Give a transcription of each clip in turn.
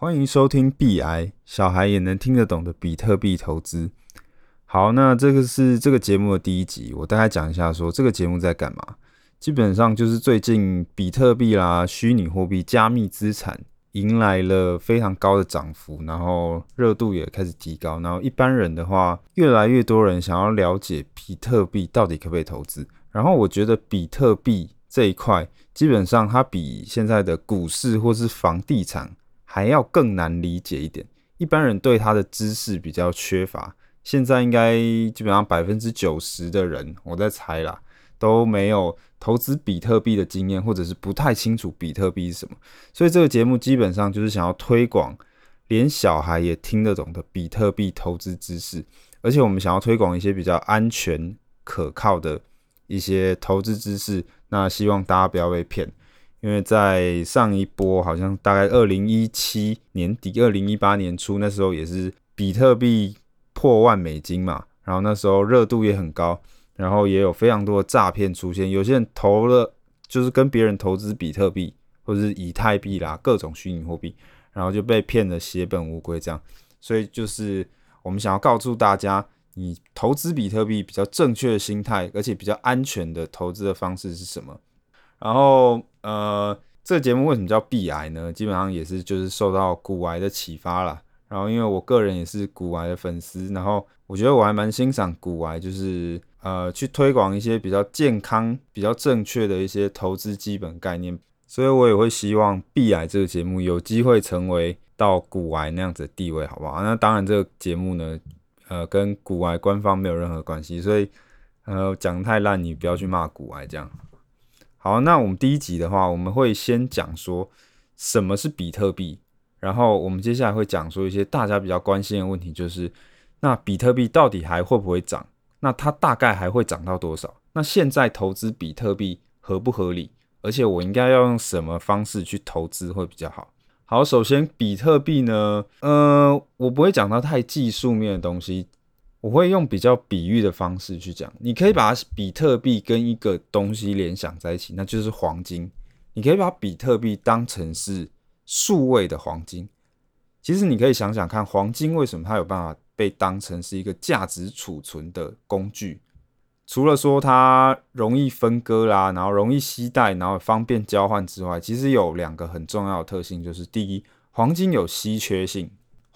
歡迎收聽《B I》，小孩也能聽得懂的比特幣投資。好，那這個是這個節目的第一集，我大概講一下，說這個節目在幹嘛。基本上就是最近比特幣啦、虛擬貨幣、加密資產迎來了非常高的漲幅，然後熱度也開始提高。然後一般人的話，越來越多人想要了解比特幣到底可不可以投資。然後我覺得比特幣這一塊，基本上它比現在的股市或是房地產還要更難理解一點，一般人對他的知識比較缺乏。現在應該基本上百分之九十的人，我在猜啦，都沒有投資比特幣的經驗，或者是不太清楚比特幣是什麼。所以這個節目基本上就是想要推廣，連小孩也聽得懂的比特幣投資知識。而且我們想要推廣一些比較安全可靠的一些投資知識，那希望大家不要被騙。因為在上一波好像大概二零一七年底、二零一八年初，那時候也是比特幣破萬美金嘛，然後那時候熱度也很高，然後也有非常多的詐騙出現，有些人投了就是跟別人投資比特幣或者是以太幣啦，各種虛擬貨幣，然後就被騙得血本無歸這樣。所以就是我們想要告訴大家，你投資比特幣比較正確的心態，而且比較安全的投資的方式是什麼，然後。呃，這個節目為什麼叫幣癌呢？基本上也是就是受到股癌的啟發啦。然後因為我個人也是股癌的粉絲，然後我覺得我還蠻欣賞股癌，就是呃去推廣一些比較健康、比較正確的一些投資基本概念。所以我也會希望幣癌這個節目有機會成為到股癌那樣子的地位，好不好？那當然這個節目呢，呃，跟股癌官方沒有任何關係，所以呃講得太爛，你不要去罵股癌這樣。好，那我們第一集的話，我們會先講說什麼是比特幣，然後我們接下來會講說一些大家比較關心的問題，就是那比特幣到底還會不會漲？那它大概還會漲到多少？那現在投資比特幣合不合理？而且我應該要用什麼方式去投資會比較好？好，首先比特幣呢，呃，我不會講到太技術面的東西。我會用比較比喻的方式去講，你可以把比特幣跟一個東西聯想在一起，那就是黃金。你可以把比特幣當成是數位的黃金。其實你可以想想看，黃金為什麼它有辦法被當成是一個價值儲存的工具？除了說它容易分割啦，然後容易攜帶，然後方便交換之外，其實有兩個很重要的特性，就是第一，黃金有稀缺性。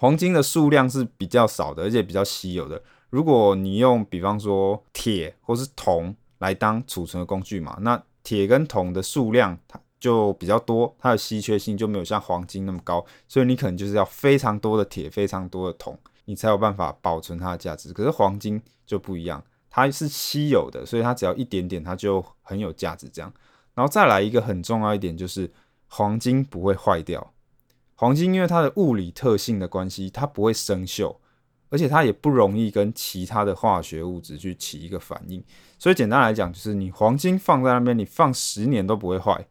黃金的數量是比較少的，而且比較稀有的。如果你用比方說鐵或是銅來當儲存的工具嘛，那鐵跟銅的數量它就比較多，它的稀缺性就沒有像黃金那麼高，所以你可能就是要非常多的鐵、非常多的銅，你才有辦法保存它的價值。可是黃金就不一樣，它是稀有的，所以它只要一點點，它就很有價值這樣。然後再來一個很重要一點就是，黃金不會壞掉。黃金因為它的物理特性的關係，它不會生鏽，而且它也不容易跟其他的化學物質去起一個反應。所以簡單來講，就是你黃金放在那邊，你放十年都不會壞。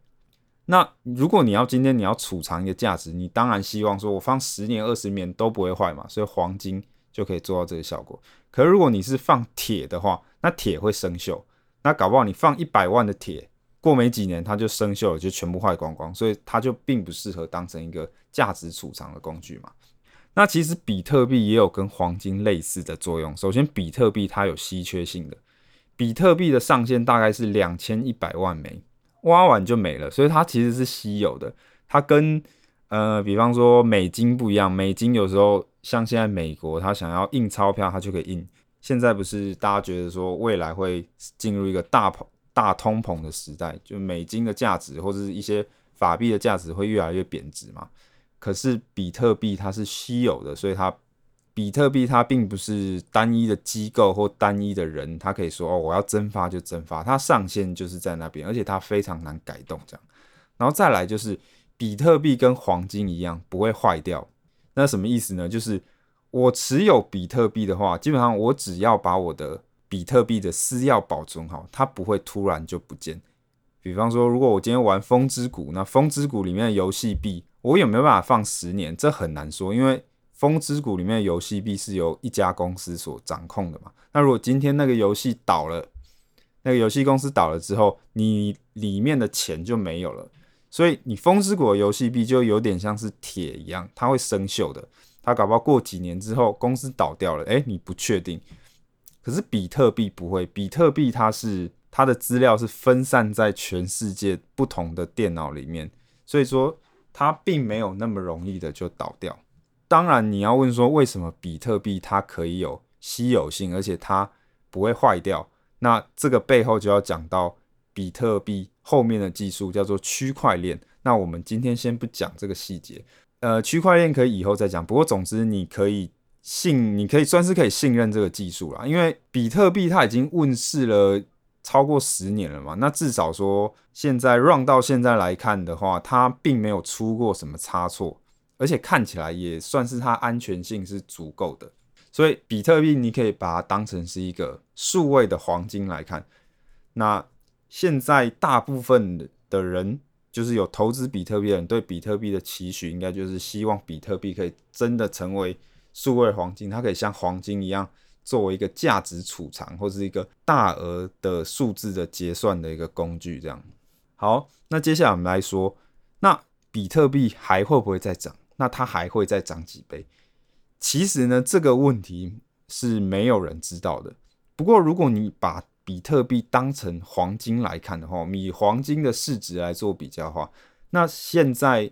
那如果你要今天你要儲藏一個價值，你當然希望說我放十年、二十年都不會壞嘛，所以黃金就可以做到這個效果。可是如果你是放鐵的話，那鐵會生鏽，那搞不好你放一百萬的鐵。過沒幾年，它就生鏽了，就全部壞光光，所以它就並不適合當成一個價值儲藏的工具嘛。那其實比特幣也有跟黃金類似的作用。首先，比特幣它有稀缺性的，比特幣的上限大概是兩千一百萬枚，挖完就沒了，所以它其實是稀有的。它跟呃，比方說美金不一樣，美金有時候像現在美國，它想要印鈔票，它就可以印。現在不是大家覺得說未來會進入一個大跑。大通膨的時代，就美金的價值或者是一些法幣的價值會越來越貶值嘛？可是比特幣它是稀有的，所以它比特幣它並不是單一的機構或單一的人，它可以說哦我要增發就增發，它上限就是在那邊，而且它非常難改動這樣。然後再來就是比特幣跟黃金一樣不會壞掉，那什麼意思呢？就是我持有比特幣的話，基本上我只要把我的。比特幣的私鑰保存好，它不會突然就不見。比方說，如果我今天玩《風之谷》，那《風之谷》裡面的遊戲幣，我也沒辦法放十年，這很難說，因為《風之谷》裡面的遊戲幣是由一家公司所掌控的嘛。那如果今天那個遊戲倒了，那個遊戲公司倒了之後，你裡面的錢就沒有了。所以，你《風之谷》的遊戲幣就有點像是鐵一樣，它會生鏽的。它搞不好過幾年之後，公司倒掉了，欸，你不確定。可是比特幣不會，比特幣它是它的資料是分散在全世界不同的電腦裡面，所以說它並沒有那麼容易的就倒掉。當然你要問說為什麼比特幣它可以有稀有性，而且它不會壞掉，那這個背後就要講到比特幣後面的技術叫做區塊鏈。那我們今天先不講這個細節，呃，區塊鏈可以以後再講。不過總之你可以。信你可以算是可以信任這個技術啦，因為比特幣它已經問世了超過十年了嘛。那至少說現在 run 到現在來看的話，它並沒有出過什麼差錯，而且看起來也算是它安全性是足夠的。所以比特幣你可以把它當成是一個數位的黃金來看。那現在大部分的人就是有投資比特幣的人，對比特幣的期許應該就是希望比特幣可以真的成為。數位黃金，它可以像黃金一樣，作為一個價值儲藏，或是一個大額的數字的結算的一個工具，這樣。好，那接下來我們來說，那比特幣還會不會再漲？那它還會再漲幾倍？其實呢，這個問題是沒有人知道的。不過，如果你把比特幣當成黃金來看的話，以黃金的市值來做比較的話，那現在，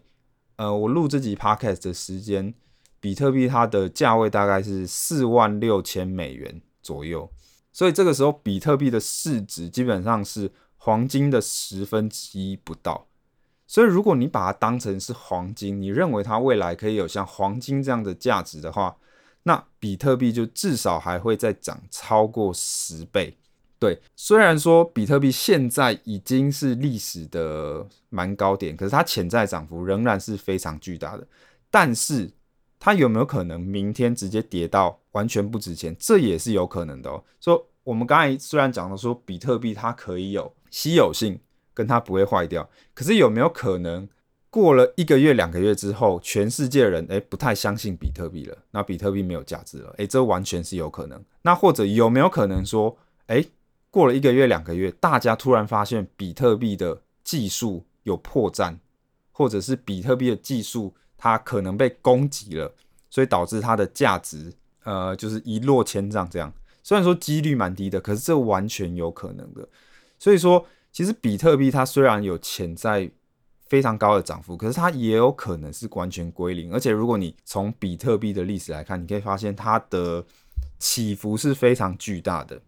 呃，我錄這集 Podcast 的時間。比特幣它的價位大概是四萬六千美元左右，所以這個時候比特幣的市值基本上是黃金的十分之一不到。所以如果你把它當成是黃金，你認為它未來可以有像黃金這樣的價值的話，那比特幣就至少還會再漲超過十倍。對，雖然說比特幣現在已經是歷史的蠻高點，可是它潛在漲幅仍然是非常巨大的，但是。它有沒有可能明天直接跌到完全不值錢？這也是有可能的喔。所以我們剛才雖然講了說比特幣它可以有稀有性，跟它不會壞掉，可是有沒有可能過了一個月、兩個月之後，全世界人哎、欸、不太相信比特幣了，那比特幣沒有價值了？哎、欸，這完全是有可能。那或者有沒有可能說，哎、欸，過了一個月、兩個月，大家突然發現比特幣的技術有破綻，或者是比特幣的技術？它可能被攻擊了，所以導致它的價值，呃，就是一落千丈這樣。雖然說幾率蠻低的，可是這完全有可能的。所以說，其實比特幣它雖然有潛在非常高的漲幅，可是它也有可能是完全歸零。而且如果你從比特幣的歷史來看，你可以發現它的起伏是非常巨大的。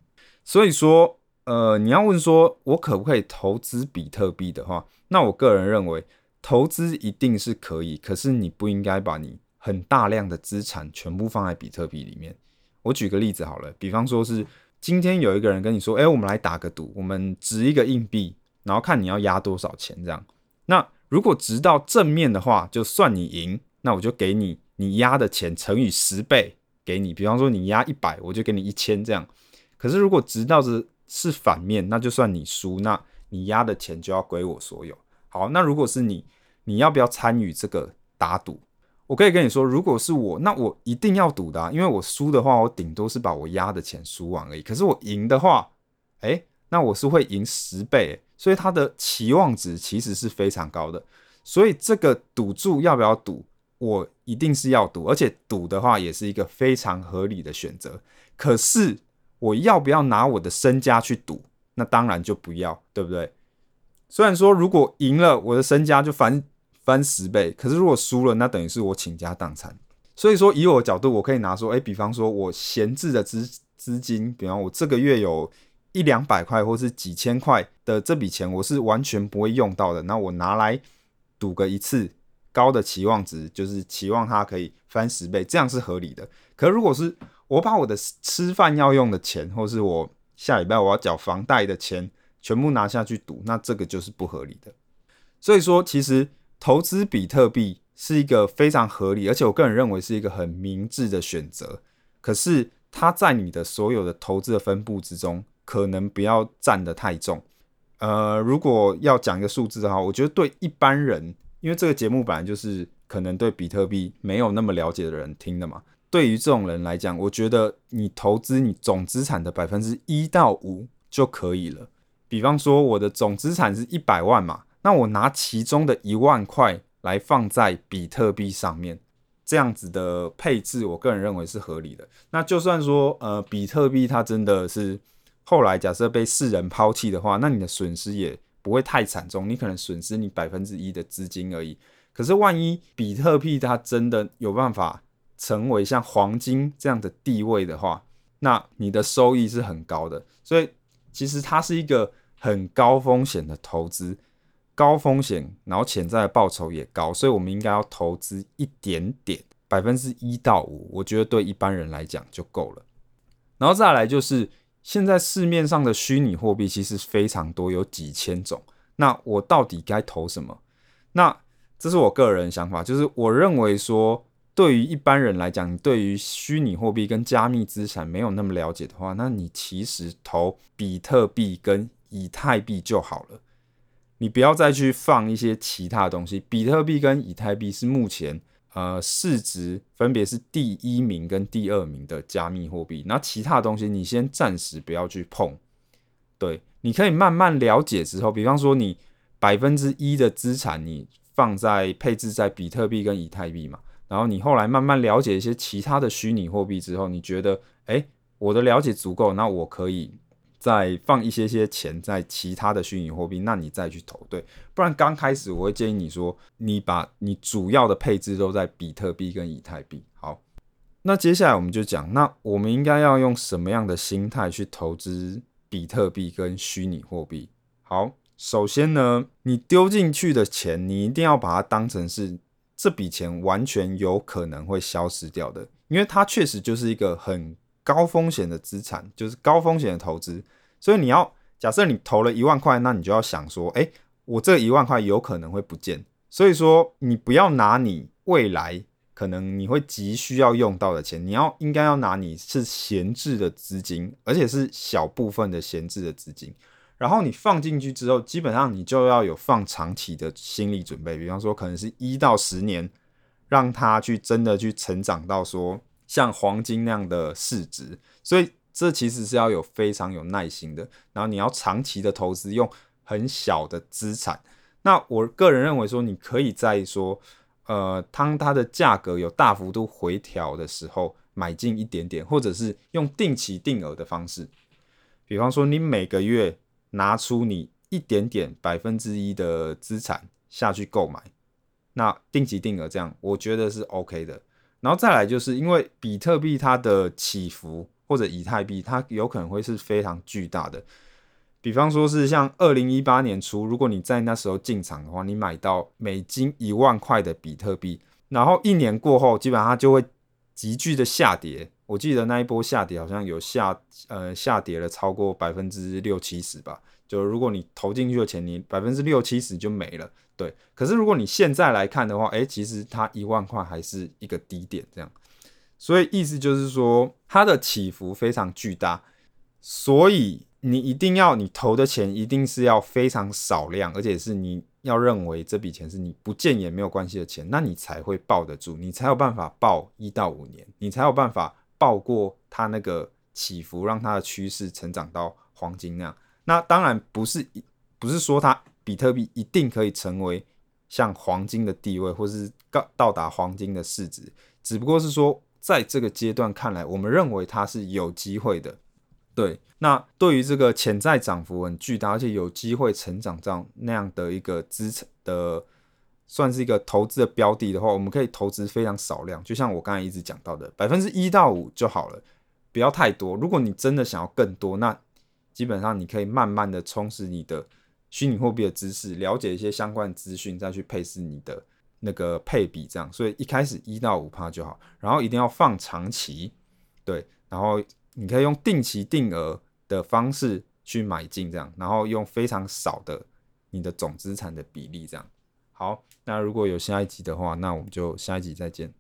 所以說，呃，你要問說我可不可以投資比特幣的話，那我個人認為。投資一定是可以，可是你不應該把你很大量的資產全部放在比特幣裡面。我舉個例子好了，比方說是今天有一個人跟你說，哎、欸，我們來打個賭，我們擲一個硬幣，然後看你要押多少錢這樣。那如果擲到正面的話，就算你贏，那我就給你你押的錢乘以十倍給你。比方說你押一百，我就給你一千這樣。可是如果擲到是是反面，那就算你輸，那你押的錢就要歸我所有。好，那如果是你，你要不要參與這個打賭？我可以跟你說，如果是我，那我一定要賭的啊，因為我輸的話，我頂多是把我押的錢輸完而已。可是我贏的話，哎、欸，那我是會贏十倍，所以它的期望值其實是非常高的。所以這個賭注要不要賭，我一定是要賭，而且賭的話也是一個非常合理的選擇。可是我要不要拿我的身家去賭？那當然就不要，對不對？雖然說如果贏了，我的身家就翻翻十倍，可是如果輸了，那等於是我傾家蕩產。所以說以我的角度，我可以拿說，哎、欸，比方說我閒置的資資金，比方我這個月有一兩百塊，或是幾千塊的這筆錢，我是完全不會用到的。那我拿來賭個一次高的期望值，就是期望它可以翻十倍，這樣是合理的。可如果是我把我的吃飯要用的錢，或是我下禮拜我要繳房貸的錢，全部拿下去賭，那這個就是不合理的。所以說，其實投資比特幣是一個非常合理，而且我個人認為是一個很明智的選擇。可是，它在你的所有的投資的分布之中，可能不要佔得太重。呃，如果要講一個數字的話，我覺得對一般人，因為這個節目本來就是可能對比特幣沒有那麼了解的人聽的嘛。對於這種人來講，我覺得你投資你總資產的百分之一到五就可以了。比方說，我的總資產是一百萬嘛，那我拿其中的一萬塊來放在比特幣上面，這樣子的配置，我個人認為是合理的。那就算說，呃，比特幣它真的是後來假設被世人拋棄的話，那你的損失也不會太慘重，你可能損失你百分之一的資金而已。可是萬一比特幣它真的有辦法成為像黃金這樣的地位的話，那你的收益是很高的。所以其實它是一個很高風險的投資，高風險，然後潛在的報酬也高，所以我們應該要投資一點點，百分之一到五，我覺得對一般人來講就夠了。然後再來就是，現在市面上的虛擬貨幣其實非常多，有幾千種。那我到底該投什麼？那這是我個人想法，就是我認為說，對於一般人來講，你對於虛擬貨幣跟加密資產沒有那麼了解的話，那你其實投比特幣跟以太幣就好了，你不要再去放一些其他東西。比特幣跟以太幣是目前呃市值分別是第一名跟第二名的加密貨幣。那其他東西你先暫時不要去碰，對，你可以慢慢了解之後，比方說你百分之一的資產你放在配置在比特幣跟以太幣嘛，然後你後來慢慢了解一些其他的虛擬貨幣之後，你覺得哎、欸、我的了解足夠，那我可以。再放一些些錢在其他的虛擬貨幣，那你再去投，對，不然剛開始我會建議你說，你把你主要的配置都在比特幣跟以太幣。好，那接下來我們就講，那我們應該要用什麼樣的心態去投資比特幣跟虛擬貨幣？好，首先呢，你丟進去的錢，你一定要把它當成是這筆錢完全有可能會消失掉的，因為它確實就是一個很。高風險的資產，就是高風險的投資，所以你要假設你投了一萬塊，那你就要想說，哎，我這一萬塊有可能會不見，所以說你不要拿你未來可能你會急需要用到的錢，你要應該要拿你是閒置的資金，而且是小部分的閒置的資金，然後你放進去之後，基本上你就要有放長期的心理準備，比方說可能是一到十年，讓它去真的去成長到說。像黃金那樣的市值，所以這其實是要有非常有耐心的，然後你要長期的投資，用很小的資產。那我個人認為說，你可以在說，呃，當它的價格有大幅度回調的時候，買進一點點，或者是用定期定額的方式，比方說你每個月拿出你一點點百分之一的資產下去購買，那定期定額這樣，我覺得是 OK 的。然後再來就是因為比特幣它的起伏或者以太幣它有可能會是非常巨大的，比方說是像二零一八年初，如果你在那時候進場的話，你買到美金一萬塊的比特幣，然後一年過後基本上它就會急劇的下跌。我記得那一波下跌好像有下呃、下跌了超過百分之六七十吧。就如果你投進去的錢，你百分之六七十就沒了。對，可是如果你現在來看的話，哎、欸，其實它一萬塊還是一個低點這樣。所以意思就是說，它的起伏非常巨大，所以你一定要你投的錢一定是要非常少量，而且是你要認為這筆錢是你不見也沒有關係的錢，那你才會抱得住，你才有辦法抱一到五年，你才有辦法抱過它那個起伏，讓它的趨勢成長到黃金那樣。那當然不是不是說它比特幣一定可以成為像黃金的地位，或是到到達黃金的市值，只不過是說在這個階段看來，我們認為它是有機會的。對，那對於這個潛在漲幅很巨大，而且有機會成長這樣那樣的一個資產的，算是一個投資的標的的話，我們可以投資非常少量，就像我剛才一直講到的1，百分之一到五就好了，不要太多。如果你真的想要更多，那。基本上你可以慢慢的充實你的虛擬貨幣的知識，了解一些相關的資訊，再去配置你的那個配比，這樣。所以一開始一到五趴就好，然後一定要放長期，對，然後你可以用定期定額的方式去買進這樣，然後用非常少的你的總資產的比例這樣。好，那如果有下一集的話，那我們就下一集再見。